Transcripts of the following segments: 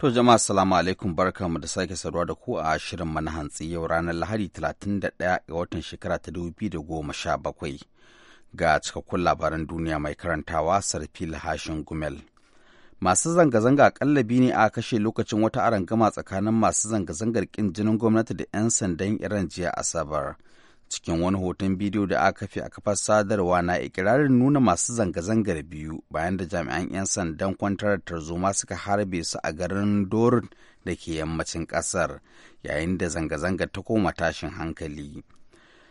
To jama'a salamu alaikum mu da sake saduwa da ku a shirin mana hantsi yau ranar Lahadi 31 ga watan shekara ta 2017 ga cikakkun labaran duniya mai karantawa Sarfil Hashin Gumel. Masu zanga-zanga kallabi ne a kashe lokacin wata arangama tsakanin masu zanga-zangar kin jinin gwamnati da 'yan sandan Iran jiya Asabar. cikin wani hoton bidiyo da aka fi a kafar sadarwa na ikirarin nuna masu zanga-zangar biyu bayan da jami'an 'yan sandan kwantar tarzoma suka harbe su a garin dorin da ke yammacin kasar yayin da zanga-zangar ta koma tashin hankali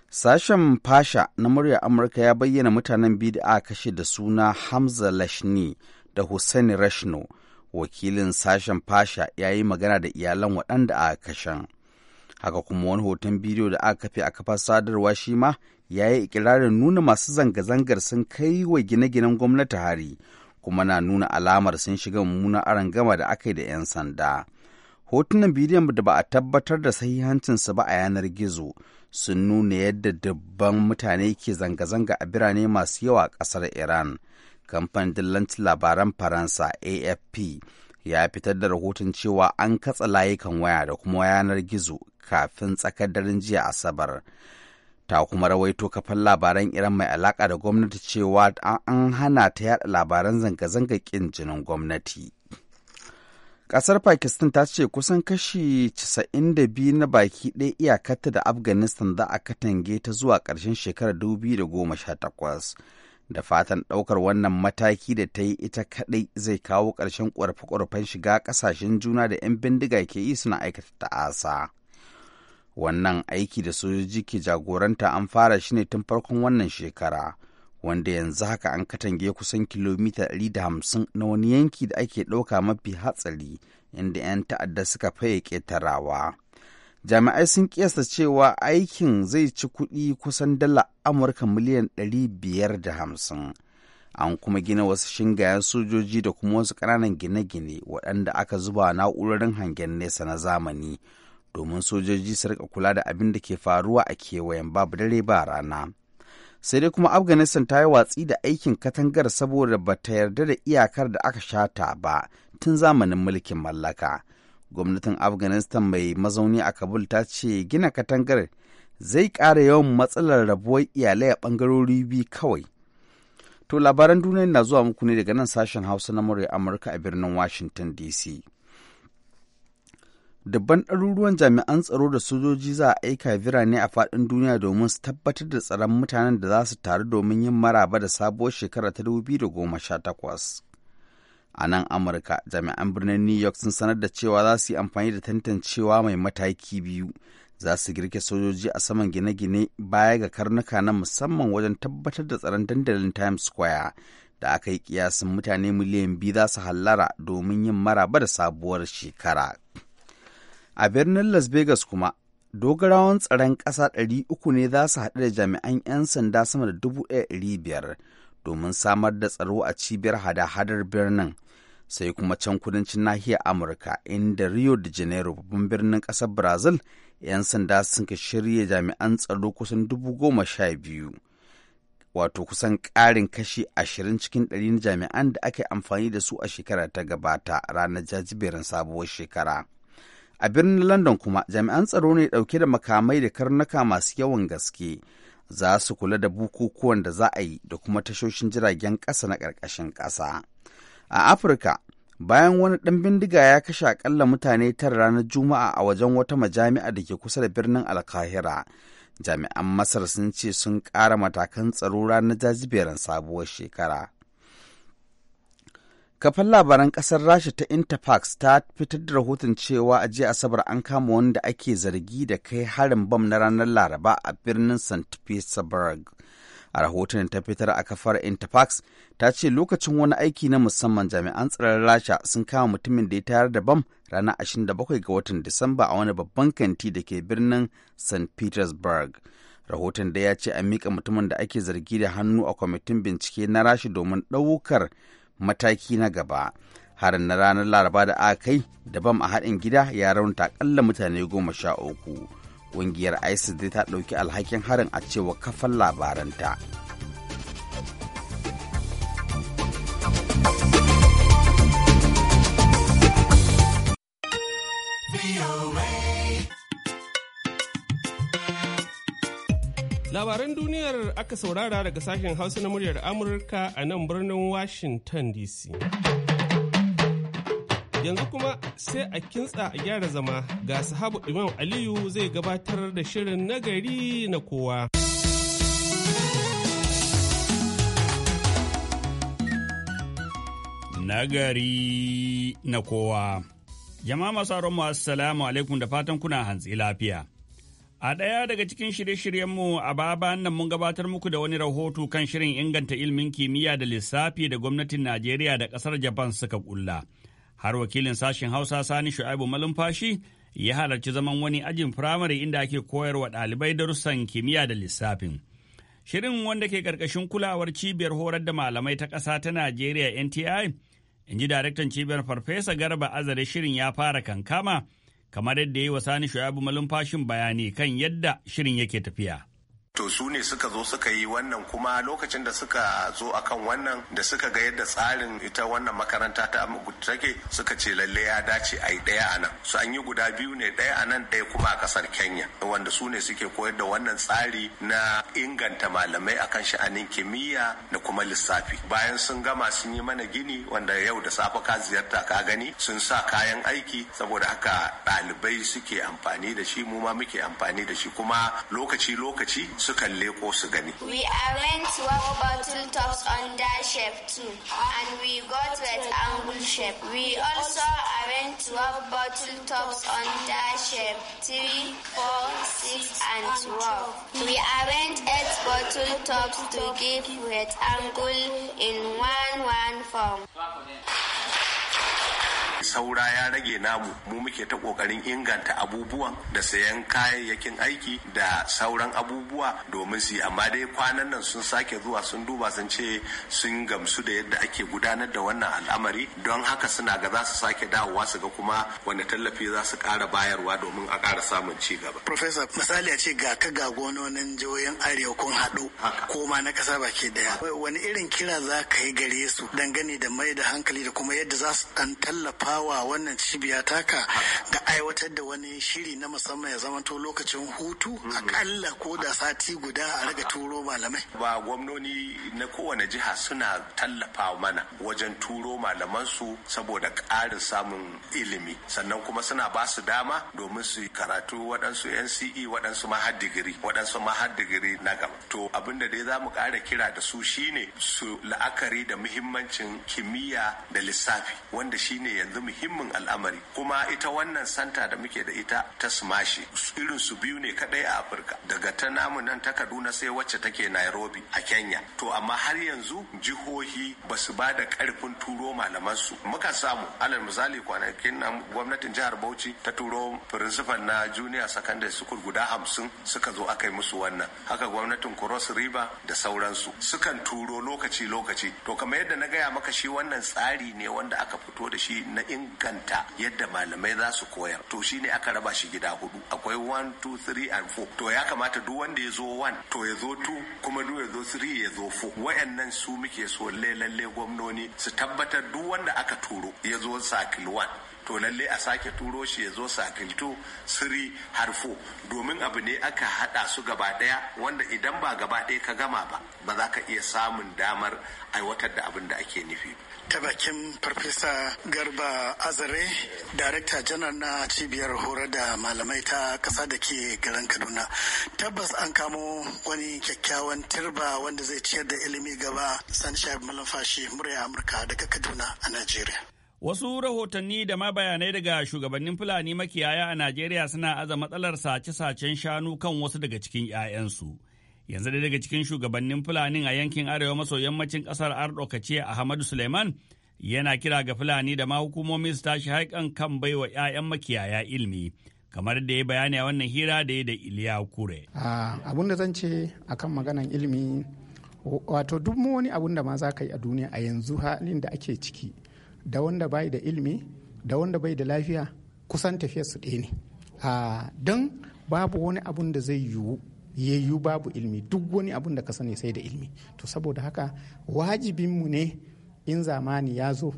sashen fasha na Murya amurka ya bayyana mutanen biyu da aka kashe da suna hamza lashni da hussein rashno wakilin sashen fasha ya yi magana da iyalan waɗanda aka kashen. haka kuma wani hoton bidiyo da aka kafe a kafar sadarwa shi ma ya yi ikirarin nuna masu zanga-zangar sun kai wa gine-ginen gwamnati hari kuma na nuna alamar sun shiga mummunan gama da aka yi da 'yan sanda hotunan bidiyon da ba a tabbatar da sahihancinsu ba a yanar gizo sun nuna yadda dubban mutane ke zanga-zanga a birane masu yawa a ƙasar iran kamfanin dillancin labaran faransa afp ya fitar da rahoton cewa an katsa layukan waya da kuma yanar gizo kafin tsakar daren jiya Asabar. Ta kuma rawaito kafin labaran Iran mai alaka da gwamnati cewa an hana ta yada labaran zanga-zanga ƙin jinin gwamnati. Ƙasar Pakistan ta ce kusan kashi 92 na baki ɗaya iyakarta da Afghanistan za a katange ta zuwa ƙarshen shekarar 2018. Da fatan ɗaukar wannan mataki da ta yi ita kaɗai zai kawo ƙarshen ƙwarfe ƙorafen shiga ƙasashen juna da 'yan bindiga ke yi suna aikata ta'asa. wannan aiki da sojoji ke jagoranta an fara shi ne tun farkon wannan shekara wanda yanzu haka an katange kusan kilomita 150 na wani yanki da ake ɗauka mafi hatsari inda 'yan ta'adda suka faye ƙetarawa jami'ai sun kiyasta cewa aikin zai ci kuɗi kusan dala amurka miliyan 550 an kuma gina wasu shingayen sojoji da kuma wasu ƙananan gine-gine waɗanda aka zuba na'urorin hangen nesa na zamani domin sojoji su rika kula da abin da ke faruwa a kewayen babu dare ba rana. Sai dai kuma Afghanistan ta yi watsi da aikin katangar saboda ba ta yarda da iyakar da aka shata ba tun zamanin mulkin mallaka. Gwamnatin Afghanistan mai mazauni a Kabul ta ce gina katangar zai ƙara yawan matsalar rabuwar iyalai a ɓangarori biyu kawai. To labaran duniya na zuwa muku ne daga nan sashen Hausa na murya Amurka a birnin Washington DC. dubban ɗaruruwan jami'an tsaro da sojoji za a aika birane a faɗin duniya domin su tabbatar da tsaron mutanen da za su taru domin yin maraba da sabuwar shekara ta da goma sha 2018. A nan Amurka, jami'an birnin New York sun sanar da cewa za su yi amfani da tantancewa mai mataki biyu. Za su girke sojoji a saman gine-gine baya ga karnuka na musamman wajen tabbatar da tsaron dandalin Times Square da aka yi kiyasin mutane miliyan biyu za su hallara domin yin maraba da sabuwar shekara. A birnin Las Vegas kuma, dogarawan tsaron ƙasa 300 ne za su haɗu da jami'an 'yan sanda sama da 1,500 domin samar da tsaro a cibiyar hada-hadar birnin. Sai kuma can kudancin nahiyar Amurka inda Rio de Janeiro babban birnin ƙasar Brazil 'yan sanda sun ka shirya jami'an tsaro kusan dubu goma sha biyu. Wato kusan ƙarin kashi ashirin cikin ɗari na jami'an da aka yi amfani da su a shekara ta gabata ranar jajiberin sabuwar shekara. A birnin London kuma jami'an tsaro ne ɗauke da makamai da karnuka masu yawan gaske za su kula da bukukuwan da za a yi da kuma tashoshin jiragen ƙasa na ƙarƙashin ƙasa. A Afirka, bayan wani ɗan bindiga ya kashe akalla mutane tara ranar Juma'a a wajen wata majami'a da ke kusa da birnin Alkahira. Jami'an Masar sun ce sun ƙara matakan tsaro ranar jajiberin sabuwar shekara. Kafar labaran ƙasar Rasha ta Interfax ta fitar da rahoton cewa a jiya Asabar an kama wanda ake zargi da kai harin bam na ranar Laraba a birnin St. Petersburg. A rahoton ta fitar a kafar Interfax ta ce lokacin wani aiki na musamman jami'an tsaron Rasha sun kama mutumin da ya tayar da bam ranar 27 ga watan Disamba a wani babban kanti da ke birnin St. Petersburg. rahoton da ya ce an mika mutumin da ake zargi da hannu a kwamitin bincike na rasha domin ɗaukar mataki na gaba harin na ranar laraba da aka kai da bam a haɗin gida ya raunta ƙalla mutane goma sha uku ƙungiyar isis dai ta ɗauki alhakin harin a cewa kafan labaranta Labaran duniyar aka saurara daga sashen Hausa na muryar Amurka a nan birnin Washington DC. Yanzu kuma sai a kintsa a gyara zama ga sahabu Imam Aliyu zai gabatar da shirin nagari na kowa. Nagari na kowa. Jama'a masu assalamu alaikum da fatan kuna hantsi lafiya. A ɗaya daga cikin shirye-shiryenmu a baba nan mun gabatar muku da wani rahoto kan shirin inganta ilimin kimiyya da lissafi da gwamnatin Najeriya da ƙasar Japan suka ƙulla. Har wakilin sashen Hausa Sani Shu'aibu Malumfashi ya halarci zaman wani ajin firamare inda ake koyarwa ɗalibai darussan kimiyya da lissafin. Shirin wanda ke ƙarƙashin kulawar cibiyar horar da malamai ta ƙasa ta Najeriya NTI, in ji daraktan cibiyar Farfesa Garba Azare shirin ya fara kankama. kamar yadda ya yi wa sani shu'abu malumfashin bayani kan yadda shirin yake tafiya. to su ne suka zo suka yi wannan kuma lokacin da suka zo akan wannan da suka ga yadda tsarin ita wannan makaranta ta take suka ce lalle ya dace a yi ɗaya a nan su an yi guda biyu ne ɗaya a nan ɗaya kuma a ƙasar kenya wanda su ne suke koyar da wannan tsari na inganta malamai akan sha'anin kimiyya da kuma lissafi bayan sun gama sun yi mana gini wanda yau da safe ka ziyarta ka gani sun sa kayan aiki saboda haka ɗalibai suke amfani da shi mu ma muke amfani da shi kuma lokaci lokaci sukan leko su gani. We one bottle tops under shape two and we got rectangle shape. We also to one bottle tops under shape three, four, six and twelve. We went eight bottle tops to give rectangle in one one form. saura ya rage namu mu muke ta kokarin inganta abubuwan da sayan kayayyakin aiki da sauran abubuwa domin su amma dai kwanan nan sun sake zuwa sun duba sun ce sun gamsu da yadda ake gudanar da wannan al'amari don haka suna ga za su sake dawowa su ga kuma wani tallafi za su kara bayarwa domin a kara samun ci gaba. Profesa misali a ce ga ka ga gononin jihohin Arewa kun haɗu ko ma na ƙasa baki daya. Wani irin kira za ka yi gare su dangane da mai da hankali da kuma yadda za su ɗan tallafa Wa wannan cibiya taka ga aiwatar da wani shiri na musamman ya zamanto lokacin hutu mhm. akalla ko da sati guda a raga turo malamai ba gwamnoni na kowane jiha suna tallafa mana wajen turo malamansu saboda ƙarin samun ilimi sannan kuma suna ba su dama domin su karatu waɗansu nce waɗansu ma har digiri waɗansu ma digiri na gaba to abinda dai za mu ƙara kira da su shine su la'akari da muhimmancin kimiyya da lissafi wanda shine yanzu muhimmin al'amari kuma ita wannan santa da muke da ita ta smashi irin su biyu ne kadai a afirka daga ta namu nan ta kaduna sai wacce take nairobi a kenya to amma har yanzu jihohi ba su ba da karfin turo malamansu muka samu alal misali kwanakin nan gwamnatin jihar bauchi ta turo firinsifal na junior secondary school guda hamsin suka zo aka yi musu wannan haka gwamnatin cross river da sauransu sukan turo lokaci lokaci to kamar yadda na gaya maka shi wannan tsari ne wanda aka fito da shi na inganta yadda malamai za su koyar to shine aka raba shi gida hudu akwai 1 2 3 and 4 to ya kamata duk wanda ya zo 1 to ya zo 2 kuma duk ya zo 3 ya zo 4 wayannan su muke so lalle gwamnoni su tabbatar duk wanda aka turo ya zo sakil 1 to lalle a sake turo shi ya zo sakilto siri harfo domin abu ne aka hada su gaba daya wanda idan ba gaba daya ka gama ba ba za ka iya samun damar aiwatar da abin da ake nufi ta bakin farfesa garba azare darakta janar na cibiyar horar da malamai ta kasa da ke garin kaduna tabbas an kamo wani kyakkyawan turba wanda zai ciyar da ilimi gaba sunshine malamfashi murya amurka daga kaduna a nigeria. Wasu rahotanni da ma bayanai daga shugabannin Fulani makiyaya a Najeriya suna aza matsalar sace-sacen shanu kan wasu daga cikin 'ya'yansu. yanzu da daga cikin shugabannin fulani a yankin arewa maso yammacin kasar kace ahmadu suleiman yana kira ga fulani da ma hukumomi su tashi haikan kan baiwa 'ya'yan makiyaya ilimi kamar da ya bayani a wannan hira da ya da iliya kure abun da zan ce akan maganan ilimi wato duk wani abun da ma za ka yi a duniya a yanzu halin da ake ciki da wanda bai da ilimi da wanda bai da lafiya kusan tafiyar su ɗaya ne don babu wani abun da zai yiwu yayyu babu ilmi duk wani abun da ka sani sai da ilmi to saboda haka wajibin mu ne in zamani ya zo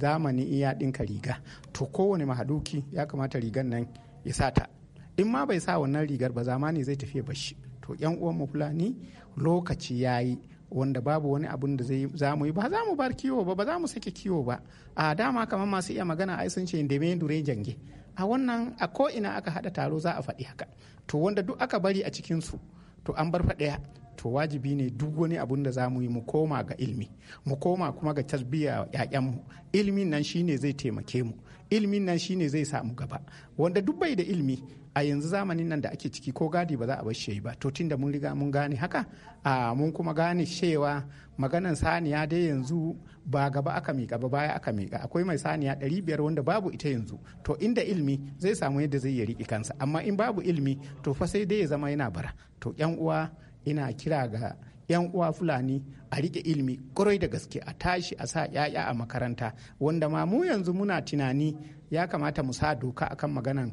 zamani iya ɗinka riga to kowane mahaduki ya kamata rigar nan ya sa ta in ma bai sa wannan rigar ba zamani zai tafiya bashi to yan uwanmu fulani lokaci ya yi wanda babu wani abun da zai za mu yi ba za mu bar kiwo ba ba za mu sake kiwo ba a dama kamar masu iya magana ai sun ce da me dure jange a wannan a ko ina aka haɗa taro za a faɗi haka to wanda duk aka bari a cikinsu to an bar faɗaya to wajibi ne duk wani abun da za mu yi mu koma ga ilmi mu koma kuma ga tarbiyya yayanmu ilmin nan shine zai taimake mu ilmin nan shine zai samu gaba wanda duk bai da ilmi a yanzu zamanin nan da ake ciki ko gadi ba za a bar shi ba to tunda mun riga mun gane haka a mun kuma gane shewa maganan saniya dai yanzu ba gaba aka miƙa ba baya aka miƙa akwai mai saniya ɗari biyar wanda babu ita yanzu to inda ilmi zai samu yadda zai yi riƙe kansa amma in babu ilmi to fa sai dai ya zama yana bara to yan uwa ina kira ga 'yan uwa fulani a rike ilimi kwarai da gaske a tashi a sa 'ya'ya a makaranta wanda ma mu yanzu muna tunani ya kamata mu sa doka akan maganan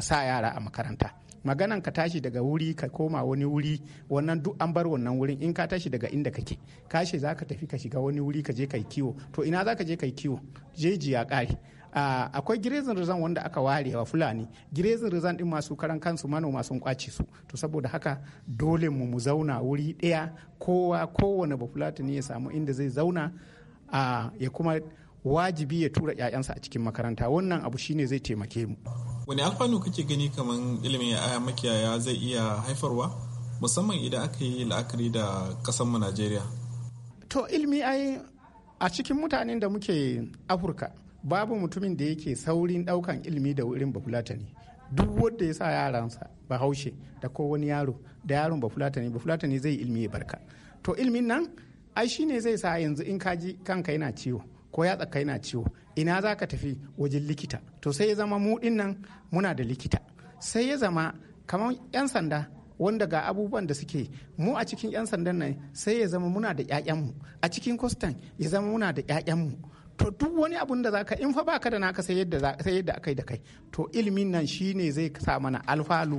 sa yara a makaranta maganan ka tashi daga wuri ka koma wani wuri wannan duk an bar wannan wurin in ka tashi daga inda kake kashe za ka tafi ka shiga wani wuri ka je ka yi kiwo to ina za ka je ka yi kiwo jeji ya ƙare Ah, akwai girezin Rizan wanda aka ware wa fulani girezin Rizan din masu karan kansu manoma sun kwace su to saboda haka dole mu mu zauna wuri ɗaya kowa kowane ne ya samu inda zai zauna ah, ya kuma wajibi ya tura 'ya'yansa a cikin makaranta wannan abu shine zai taimake mu wani alfanu kake gani kaman ilimin ya makiyaya zai iya haifarwa musamman idan aka yi la'akari da mu najeriya to ilimi ai a cikin mutanen da muke afirka babu mutumin da yake saurin daukan ilimi da wurin bafulatani duk wanda ya sa yaransa bahaushe da ko wani yaro da yaron bafulatani bafulatani zai ilimi ya barka to ilimin nan ai shi ne zai sa yanzu in ka ji kanka yana ciwo ko yatsa tsaka yana ciwo ina za ka tafi wajen likita to sai ya zama mu nan muna da likita sai ya zama kamar 'yan sanda wanda ga abubuwan da suke mu a cikin 'yan sandan nan sai ya zama muna da 'ya'yanmu a cikin kwastan ya zama muna da 'ya'yanmu to duk wani abun da zaka in fa baka da naka sai yadda sai yadda akai da kai to ilmin nan shine zai sa mana alfalu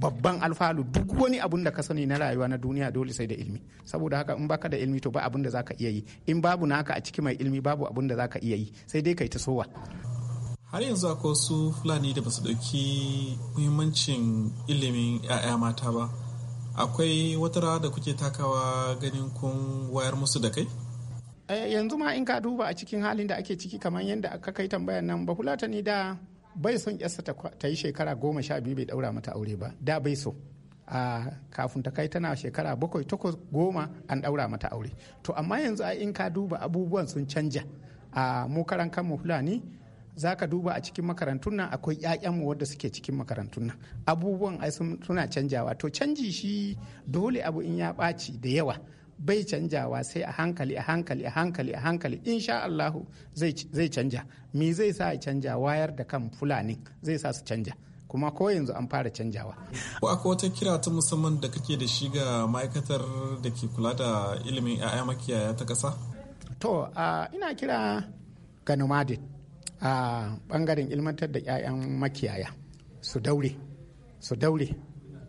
babban alfalu duk wani abun da ka sani na rayuwa na duniya dole sai da ilmi saboda haka in baka da ilmi to ba abun da zaka iya yi in babu naka a ciki mai ilmi babu abun da zaka iya yi sai dai kai ta sowa har yanzu akwai wasu fulani da basu dauki muhimmancin ilimin 'ya'ya mata ba akwai wata rawa da kuke takawa ganin kun wayar musu da kai Eh, yanzu ma in ka duba a cikin halin da ake ciki kamar yadda aka kai tambayar nan bahulata ni da bai son yarsa ta yi shekara goma sha biyu bai daura mata aure ba da bai so a kafin ta kai tana shekara bakwai takwas goma an daura mata aure to amma yanzu a in ka duba abubuwan sun canja a mu karan kanmu fulani za ka duba a cikin makarantun nan akwai 'ya'yanmu wadda suke cikin makarantun nan abubuwan ai suna canjawa to canji shi dole abu in ya ɓaci da yawa bai canjawa sai a hankali a hankali a hankali a hankali insha Allahu zai canja me zai sa a canja wayar da kan fulani zai sa su canja kuma ko yanzu an fara canjawa. Ko aka wata kira ta musamman da kake da shi ga ma'aikatar da ke kula da ilimin 'ya'ya makiyaya ta ƙasa? To, ina kira ga nomadin a ɓangaren ilmantar da 'ya'yan makiyaya su daure, su daure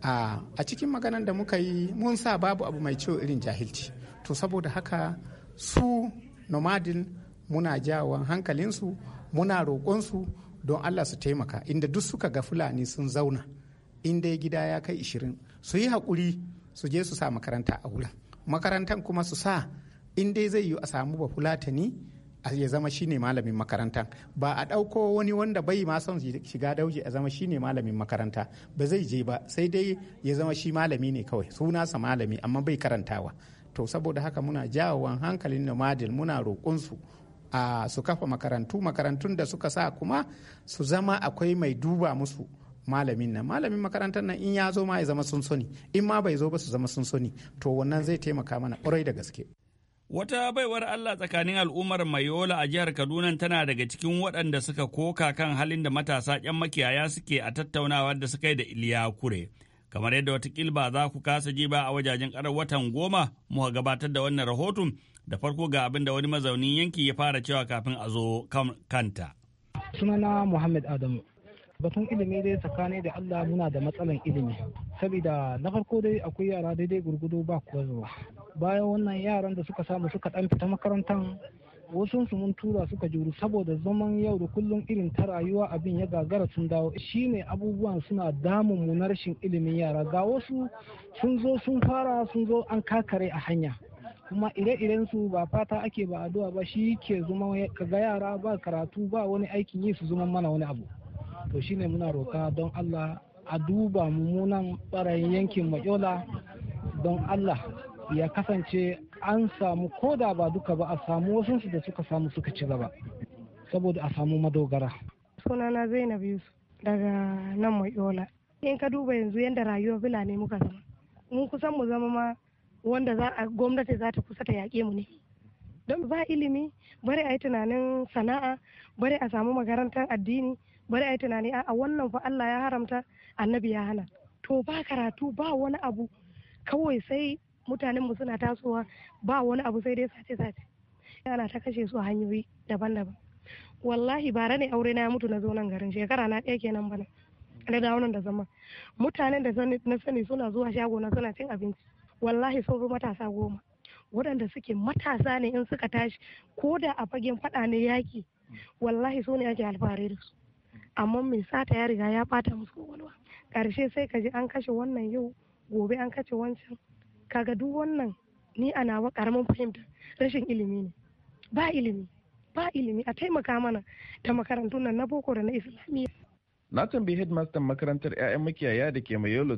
a cikin maganan da muka yi mun sa babu abu mai ciwo irin jahilci to saboda haka su nomadin muna jawon hankalinsu muna roƙonsu don allah su taimaka inda duk suka ga fulani sun zauna inda gida ya kai ishirin su yi haƙuri su je su sa makaranta a wurin makarantan kuma su sa in dai zai yi a samu ba bafulatani ya zama shine malamin makaranta ba a ɗauko wani wanda bai ma son shiga dauji a zama shine malamin makaranta ba zai je ba sai dai ya zama shi malami ne kawai sunasa malami amma bai karantawa to saboda haka muna jawowan hankalin nomadil muna roƙonsu a su kafa makarantu makarantun da suka sa kuma su zama akwai mai duba musu malamin nan malamin makarantar nan in ya zo ma ya zama sun sani in ma bai zo ba su zama sun sani to wannan zai taimaka mana kwarai da gaske Wata baiwar Allah tsakanin al'ummar Mayola a jihar Kaduna tana daga cikin waɗanda suka koka kan halin da matasa 'yan makiyaya suke a tattaunawa da suka yi da Iliya Kure. Kamar yadda wata ba za ku kasa ji ba a wajajen ƙarar watan goma muka gabatar da wannan rahoton da farko ga abin da wani mazaunin yanki ya fara cewa kafin a zo kanta. Sunana Muhammad Adamu. batun ilimi dai tsakani da Allah muna da matsalan ilimi saboda na farko dai akwai yara daidai gurgudu ba kuwa zuwa bayan wannan yaran da suka samu suka dan fita makarantar, wasu su mun tura suka juru saboda zaman yau da kullum irin ta rayuwa abin ya gagara sun dawo shine abubuwan suna damun mu na rashin ilimin yara ga wasu sun zo sun fara sun zo an kakare a hanya kuma ire-iren su ba fata ake ba addu'a ba shi ke zuma ga yara ba karatu ba wani aikin yi su zuma mana wani abu to shine muna roka don allah a duba mummunan barayin yankin maƙyola don allah ya kasance an samu koda ba duka ba a samu wasansu da suka samu suka ci gaba saboda a samu madogara sunana zainab yusuf daga nan maƙyola in ka duba yanzu yadda rayuwar ne muka zama mun kusan mu zama ma wanda gwamnati za ta kusa ta yaƙe mu ne don ba ilimi bari a yi tunanin sana'a bari a samu makarantar addini bari a yi tunani a wannan fa Allah ya haramta annabi ya hana to ba karatu ba wani abu kawai sai mutanen mu suna tasowa ba wani abu sai dai sace sace ana ta kashe su a hanyoyi daban-daban wallahi bara ne aure na ya mutu na zo nan garin shekara na ɗaya kenan bana na dawo nan da zama mutanen da na sani suna zuwa shago na suna cin abinci wallahi sun zo matasa goma waɗanda suke matasa ne in suka tashi ko da a fagen faɗa ne yaki wallahi su ne ake alfahari da su amma mai sata ya riga ya bata musu kwakwalwa karshe sai ka ji an kashe wannan yau gobe an kashe wancan kaga duk wannan ni a nawa karamin fahimta rashin ilimi ne ba ilimi ba ilimi a taimaka mana ta makarantun nan na boko da na islamiyya na tambayi headmaster makarantar 'ya'yan makiyaya da ke mai 2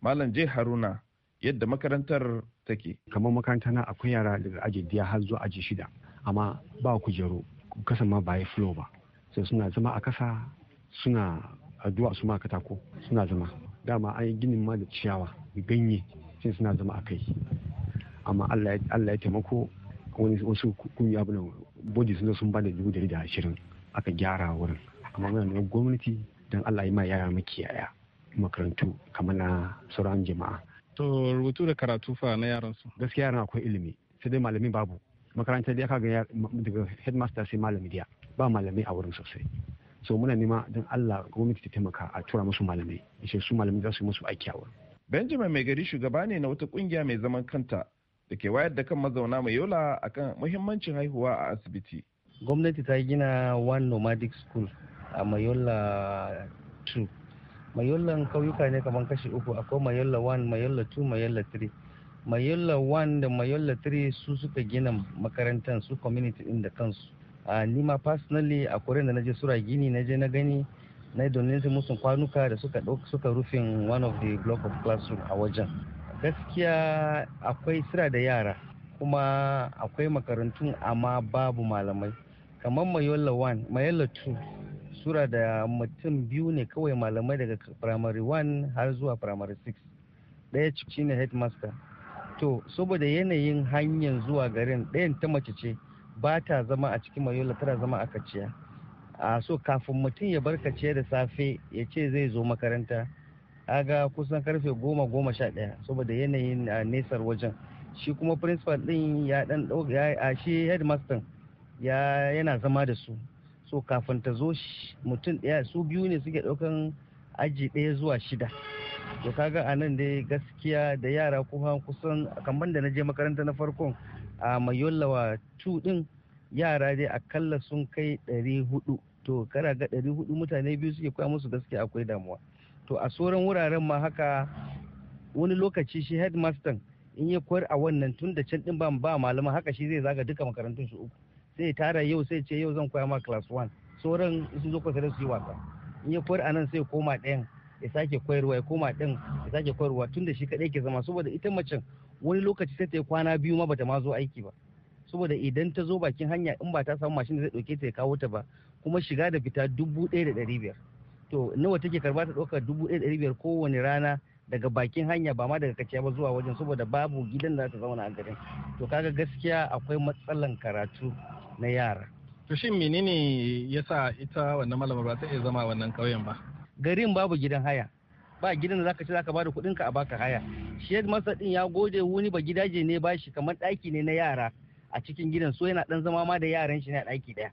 malam je haruna yadda makarantar take kamar makaranta na akwai yara daga aji biyar har zuwa aji shida amma ba kujeru kasan ma ba ya flow ba sai suna zama a kasa suna addu'a su ma katako suna zama dama an yi ginin ma da ciyawa ganye sai suna zama a kai amma allah ya taimako wani wasu kungiya abu nan bodi sun sun bada dubu dari da ashirin aka gyara wurin amma muna neman gwamnati don allah ya ma yara makiyaya makarantu kamar na sauran jama'a to rubutu da karatu fa na yaran su gaskiya yaran akwai ilimi sai dai malami babu makarantar da aka ga daga headmaster sai malami diya ba malamai a wurin sosai so muna nema don Allah gwamnati ta taimaka a tura musu malamai ishe su malamai za su yi musu aiki a wurin Benjamin mai gari shugaba ne na wata kungiya mai zaman kanta da ke wayar da kan mazauna mai yola akan muhimmancin haihuwa a asibiti gwamnati ta gina one nomadic school a mayola two mayola kauyuka ne kamar kashi uku akwai mayola one mayola two mayola three mayola one da mayola three su suka gina makarantar su community din da kansu a nima personally a koren da na je sura gini na je na gani na su musu kwanuka da suka suka rufin one of the block of classroom a wajen gaskiya akwai sira da yara kuma akwai makarantun amma babu malamai kamar mayola 1 mayola 2 sura da mutum biyu ne kawai malamai daga primary 1 har zuwa primary 6 ɗaya shine headmaster to saboda yanayin hanyar zuwa garin ɗayan ta mace ce ba ta zama a cikin mayola tana zama a kaciya a so kafin mutum ya bar kaciya da safe ya ce zai zo makaranta aga kusan karfe goma goma sha ɗaya saboda yanayin nesar wajen shi kuma principal ɗin ya ɗan a shi headmaster ya yana zama da su so kafin ta zo mutum ɗaya su biyu ne suke ɗaukan aji ɗaya zuwa shida to kaga anan nan dai gaskiya da yara kuma kusan kamar da na je makaranta na farkon a mayollawa tu din yara dai akalla sun kai dari hudu to kara ga dari hudu mutane biyu suke koya musu gaskiya akwai damuwa to a sauran wuraren ma haka wani lokaci shi headmaster in ya koyar a wannan tun da can din ba ba malama haka shi zai zaga duka makarantun su uku sai tara yau sai ce yau zan koya ma class 1 sauran sun zo kwasa su yi wasa in ya koyar a nan sai koma ɗayan ya sake koyarwa ya koma ɗin ya sake koyarwa tun da shi kaɗai ke zama saboda ita macen wani lokaci sai ta yi kwana biyu ma bata ma zo aiki ba saboda idan ta zo bakin hanya in ba ta samu mashin da zai dauke ta ya kawo ta ba kuma shiga da fita dubu ɗaya da ɗari biyar to nawa take karba ta ɗaukar dubu ɗaya da ɗari biyar kowane rana daga bakin hanya ba ma daga kaciya ba zuwa wajen saboda babu gidan da za ta zauna a garin to kaga gaskiya akwai matsalan karatu na yara to shin menene yasa ita wannan malamar ba ta iya zama wannan ƙauyen ba garin babu gidan haya ba gidan da zaka ce zaka bada kudin ka a baka haya Shed masa din ya gode wuni ba gidaje ne bashi kamar daki ne na yara a cikin gidan so yana dan zama ma da yaran shi ne a ɗaki ɗaya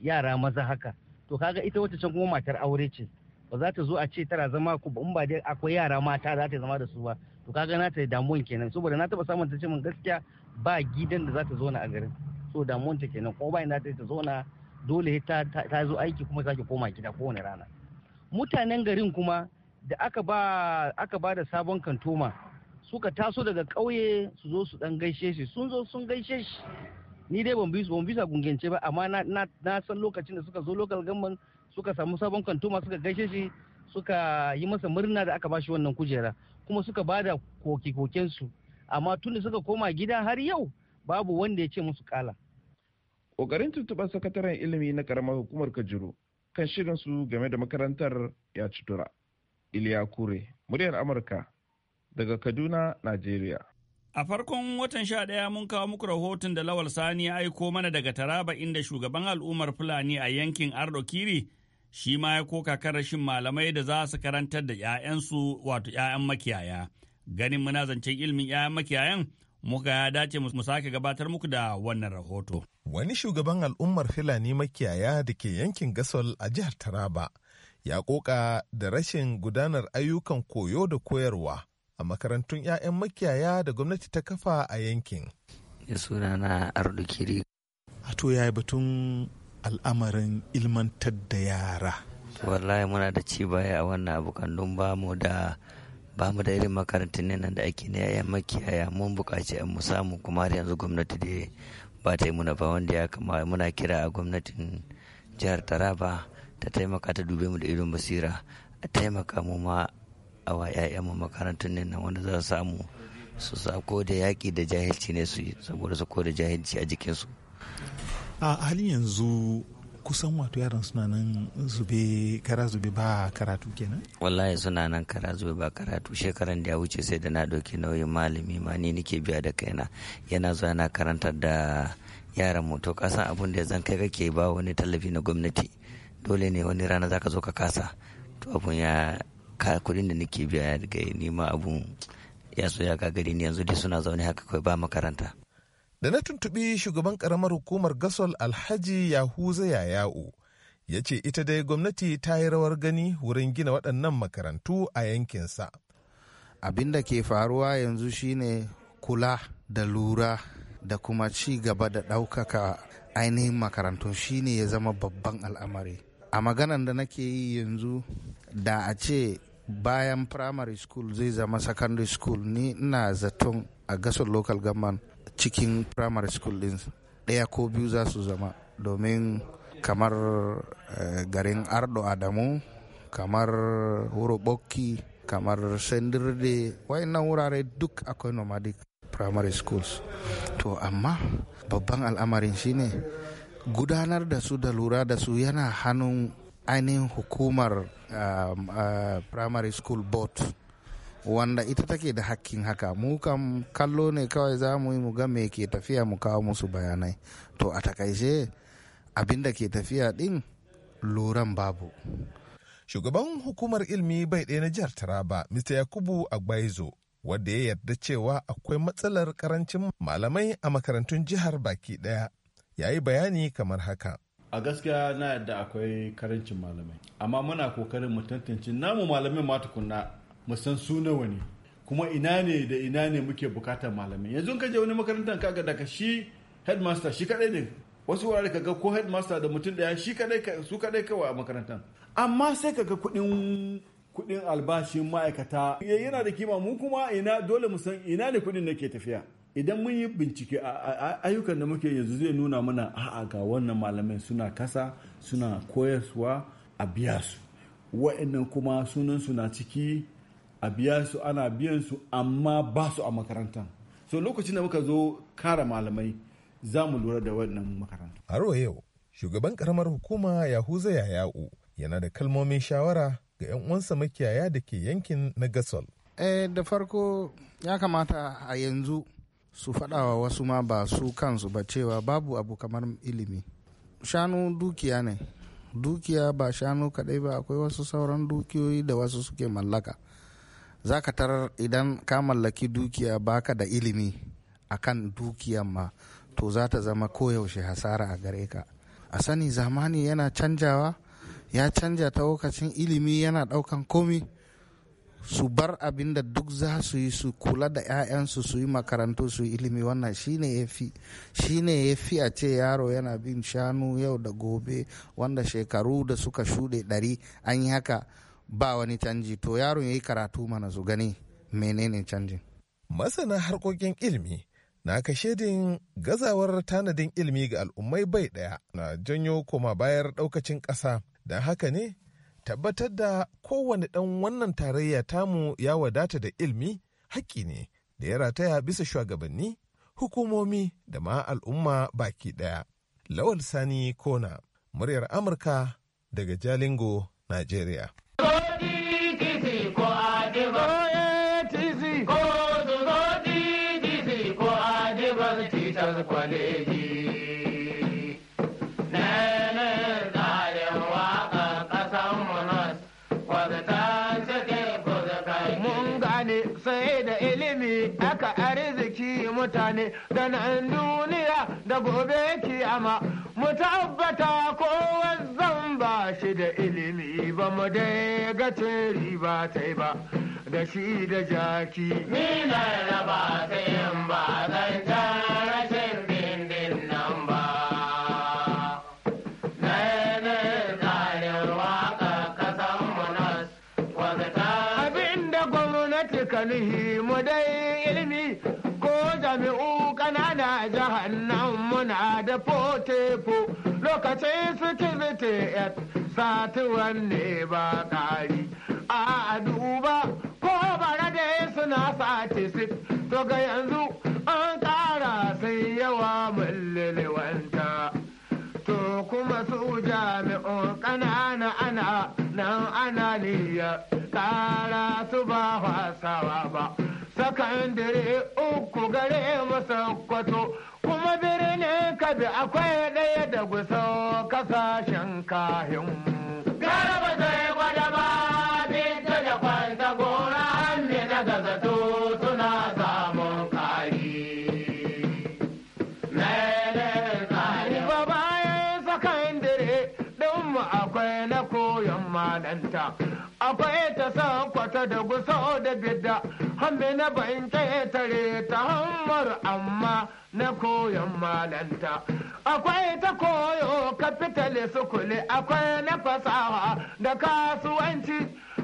yara maza haka to kaga ita wata can kuma matar aure ce ba za ta zo a ce tana zama ku in ba dai akwai yara mata za ta zama da su ba to kaga na ta damuwan kenan saboda na taba samun ta ce min gaskiya ba gidan da za ta zauna a garin so damuwan ta kenan kuma ba ina ta ta zauna dole ta zo aiki kuma sake koma gida kowane rana mutanen garin kuma da aka ba da sabon kantoma suka taso daga ƙauye su zo su dan gaishe shi sun zo sun gaishe shi ni dai ban bisa ban bisa gungance ba amma na na san lokacin da suka zo local government suka samu sabon kantoma suka gaishe shi suka yi masa murna da aka ba shi wannan kujera kuma suka ba da koke su amma tun da suka koma gida har yau babu wanda ya ce musu kala kokarin tuntuɓar sakataren ilimi na karamar hukumar kajuru kan shirin su game da makarantar ya ci tura Iliya Kure, muryar Amurka daga Kaduna, Najeriya. A farkon watan sha ɗaya mun kawo muku rahoton da Lawal Sani ya aiko mana daga Taraba inda shugaban al'ummar Fulani a yankin Ardo Kiri shi ma ya koka kan rashin malamai da za su karantar da 'ya'yansu wato 'ya'yan makiyaya. Ganin muna zancen ilimin 'ya'yan makiyayan muka ya dace mu sake gabatar muku da wannan rahoto. Wani shugaban al'ummar Fulani makiyaya da ke yankin Gasol a jihar Taraba ya koka da rashin gudanar ayyukan koyo da koyarwa a makarantun 'ya'yan makiyaya da gwamnati ta kafa a yankin. sunana ardukiri to ya yi batun al'amarin ilmantar da yara wallahi muna da ci baya a wannan abu kandun ba mu da ba mu da irin makarantun ne nan da ake na yayan makiyaya mun buƙaci mu samu kuma har yanzu gwamnati da ba ta yi muna ba wanda ya kama muna kira a gwamnatin jihar taraba ta taimaka ta dube mu da irin basira a taimaka mu ma a wa mu makarantun nan wanda za su samu su sako da yaƙi da jahilci ne su saboda su da jahilci a jikinsu a halin yanzu kusan wato yaran suna nan zube kara zube ba karatu kenan wallahi suna nan kara zube ba karatu shekaran da ya wuce sai da na ɗauki nauyin malami ma ni nake biya da kaina yana zuwa na karantar da yaran mu to kasan abin da zan kai kake ba wani tallafi na gwamnati dole ne wani rana zaka zo ka kasa to abun ya ka kudin da nake biya ya ni nima abun ya so ya gagari ni yanzu dai suna zaune haka kawai ba makaranta da na tuntubi shugaban karamar hukumar gasol alhaji yahuza yaya'u ya ce ita dai gwamnati ta yi rawar gani wurin gina waɗannan makarantu a yankinsa abin da ke faruwa yanzu shine kula da lura da kuma ci gaba da ɗaukaka ainihin makarantun shine ya zama babban al'amari a maganan da nake yi yanzu da a ce bayan primary school zai zama secondary school ni ina zaton a gasar local government cikin primary school din ɗaya ko biyu za su zama domin kamar eh, garin ardo adamu kamar wuroboki kamar sendirde wayannan wurare duk akwai nomadic primary schools to amma babban al'amarin shine gudanar da su da lura da su yana hannun ainihin hukumar um, uh, primary school board wanda ita take da hakkin haka mu kan kallo ne kawai za mu yi mu ga me ke tafiya mu kawo musu bayanai to a takaice abin da ke tafiya din loran babu shugaban hukumar ilmi bai ɗaya na jihar taraba mr yakubu agbaizo wadda ya yarda cewa akwai matsalar karancin malamai a makarantun jihar baki ɗaya ya yi bayani kamar haka. A gaskiya na yadda akwai karancin malamai, amma muna kokarin mu tantance namu malamai ma tukunna mu san su nawa ne, kuma ina ne da ina ne muke bukatar malamai. Yanzu ka je wani makarantar kaga daga shi headmaster shi kadai ne. Wasu wurare kaga ko headmaster da mutum daya shi kadai su kadai kawai a makarantar. Amma sai kaga kuɗin kuɗin albashin ma'aikata eh, yana da kima mu kuma ina dole mu san ina ne kuɗin nake tafiya. idan mun yi bincike ayyukan da muke yanzu zai nuna mana a'a ga wannan malamai suna kasa suna koyarwa a biya su wa'annan kuma sunan na ciki a biya su ana biyan su amma ba su a makarantar so lokacin da muka zo kara malamai za mu lura da wannan makaranta a yau shugaban karamar hukuma yahuza yaya'u yana da kalmomin shawara ga 'yan uwansa makiyaya da ke yankin na gasol eh da farko ya kamata a yanzu su faɗawa wasu ma ba su kansu ba cewa babu abu kamar ilimi shanu dukiya ne dukiya ba shanu kadai, ba akwai wasu sauran dukiyoyi da wasu suke mallaka za ka tarar idan ka mallaki dukiya baka da ilimi a kan dukiyan ma to za ta zama koyaushe hasara a gare ka a sani zamani yana canjawa ya canja ta lokacin ilimi yana ɗaukan komi su bar abin da duk za su yi su kula da 'ya'yansu su yi makarantu su yi ilimi wannan shine ya fi shine ya fi a ce yaro yana bin shanu yau da gobe wanda shekaru da suka shuɗe ɗari an yi haka ba wani canji to yaron ya yi karatu mana su gani menene canji. masana harkokin ilimi na kashe din gazawar tanadin ilimi ga al'ummai bai ɗaya na janyo koma bayar ɗaukacin ƙasa don haka ne tabbatar da kowane ɗan wannan tarayya tamu ya wadata da ilmi haƙƙi ne da ya rataya bisa shugabanni hukumomi da ma al'umma baki ɗaya. Lawal Sani Kona, muryar Amurka daga Jalingo, Najeriya. mutane da an duniya da gobe kiyama mu tabbata ko zan ba shi da ilimi ba mu dai ga riba ta ba da shi da jaki ni na raba ta yin ba zan rashin dindin nan gwamnati mu dai ilimi jami'u kanana jahannan muna da fotefo lokacin sikiriti ya sati wanne ba ƙari a duba ko bara da suna sati sit to ga yanzu an ƙara sai yawa mullilwanta to kuma su jami'un kanana ana nan ana niyya kan dire uku gare masa kwato kuma birnin kabi akwai ɗaya da gusa kasashen kahin. Garaba zai gwada ba binta da kwanta gora an na gazato suna samun kari. Mene kari. Ba bayan sakandire ɗin mu akwai na koyon malanta. akwai ta san kwata da gusa da bidda hambe na bayin tare ta hammar amma na koyon malanta akwai ta koyo kafitali sukuli akwai na fasaha da kasuwanci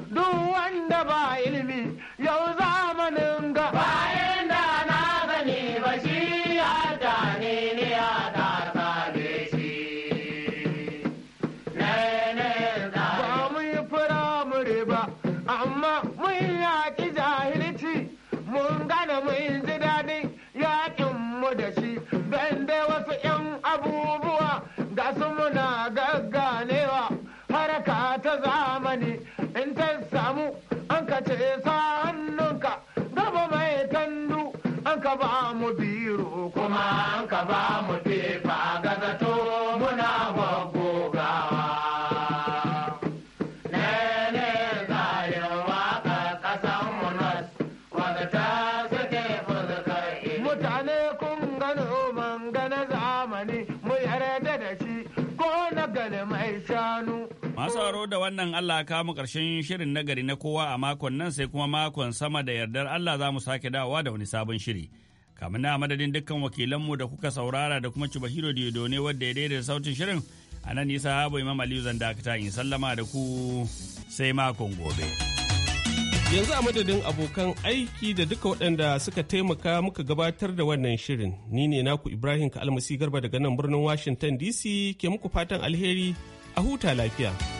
duk wanda ba ilimi yau zamanin ga ka ba mu biro kuma ka ba mu wannan Allah ka mu ƙarshen shirin nagari na kowa a makon nan sai kuma makon sama da yardar Allah za mu sake dawowa da wani sabon shiri. Kamin na madadin dukkan wakilanmu da kuka saurara da kuma Cibahiro da ne wadda ya daidaita sautin shirin a nan nisa habu Imam Aliyu Zandakata in sallama da ku sai makon gobe. Yanzu a madadin abokan aiki da duka waɗanda suka taimaka muka gabatar da wannan shirin, ni ne naku Ibrahim Kalmasi Garba daga nan birnin Washington DC ke muku fatan alheri a huta lafiya.